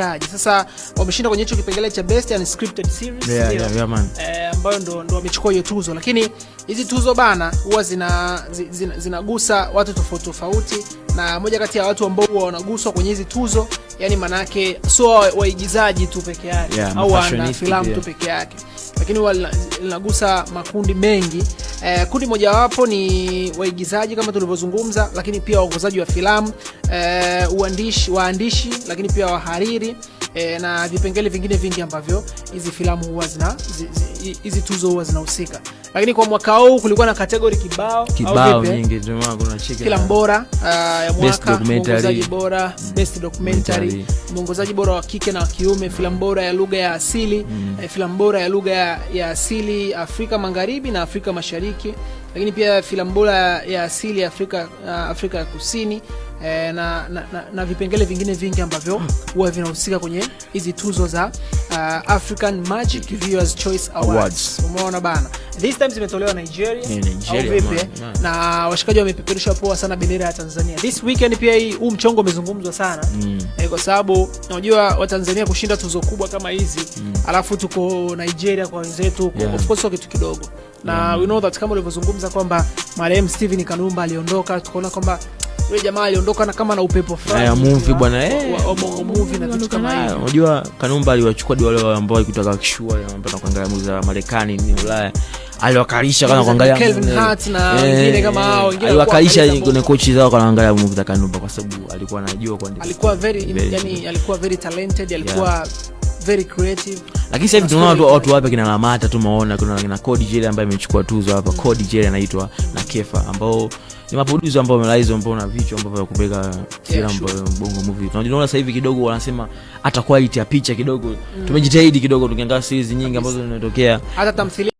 uandikaji. Sasa wameshinda kwenye hicho kipengele cha best scripted series, yeah, yeah, yeah, man. E, ambayo ndo ndo wamechukua hiyo tuzo, lakini hizi tuzo bana huwa zina, zina, zinagusa watu tofauti tofauti, na moja kati ya watu ambao huwa wanaguswa kwenye hizi tuzo yani manake sio waigizaji tu peke yake yeah, au wana filamu yeah, tu peke yake, lakini huwa linagusa makundi mengi Eh, kundi mojawapo ni waigizaji kama tulivyozungumza, lakini pia waongozaji wa filamu eh, uandishi, waandishi, lakini pia wahariri e, na vipengele vingine vingi ambavyo hizi filamu huwa zina hizi tuzo huwa zinahusika, lakini kwa mwaka huu kulikuwa na kategori kibao kibao nyingi, filamu bora ah, ya mwaka, mwongozaji bora, mm. best documentary, mwongozaji bora wa kike na wa kiume, filamu bora ya lugha ya asili mm. Eh, filamu bora ya lugha ya, ya asili Afrika Magharibi na Afrika Mashariki, lakini pia filamu bora ya asili Afrika, ah, Afrika ya Kusini e, na, na, na, na vipengele vingine vingi ambavyo huwa vinahusika kwenye hizi tuzo za uh, African Magic Viewers Choice Awards. Umeona bana. This time zimetolewa Nigeria, Nigeria au vipi? Na washikaji wamepeperusha poa sana bendera ya Tanzania. This weekend pia hii huu mchongo umezungumzwa sana mm. e, kwa sababu unajua Watanzania kushinda tuzo kubwa kama hizi mm. Alafu tuko Nigeria kwa wenzetu yeah. Of course kitu kidogo na mm. We know that kama ulivyozungumza kwamba marehemu Steven Kanumba aliondoka, tukaona kwamba yule jamaa aliondoka na kama na upepo fulani ya eh, movie bwana, eh Bongo movie na vitu kama hivyo. Unajua Kanumba aliwachukua ndio wale ambao walikutoka kishua wanapenda kuangalia movie za Marekani ni Ulaya, aliwakalisha kana kuangalia Kevin Hart na eh, wengine kama hao wengine, aliwakalisha kwenye kochi zao kana kuangalia movie za Kanumba kwa sababu alikuwa anajua kuandika, alikuwa very yani, alikuwa very talented, alikuwa very creative lakini sahivi hivi tunaona watu wapya kina Lamata tumeona kuna kina Cody Jerry ambaye amechukua tuzo hapa, Cody Jerry anaitwa na Kefa, ambao ni maproducer ambao wamelaiza ambao na vichwa ambavyo vya kupeleka filamu bongo movie. Tunaona sasa hivi kidogo wanasema hata quality ya picha kidogo tumejitahidi kidogo, tukiangalia series nyingi ambazo zinatokea hata tamthilia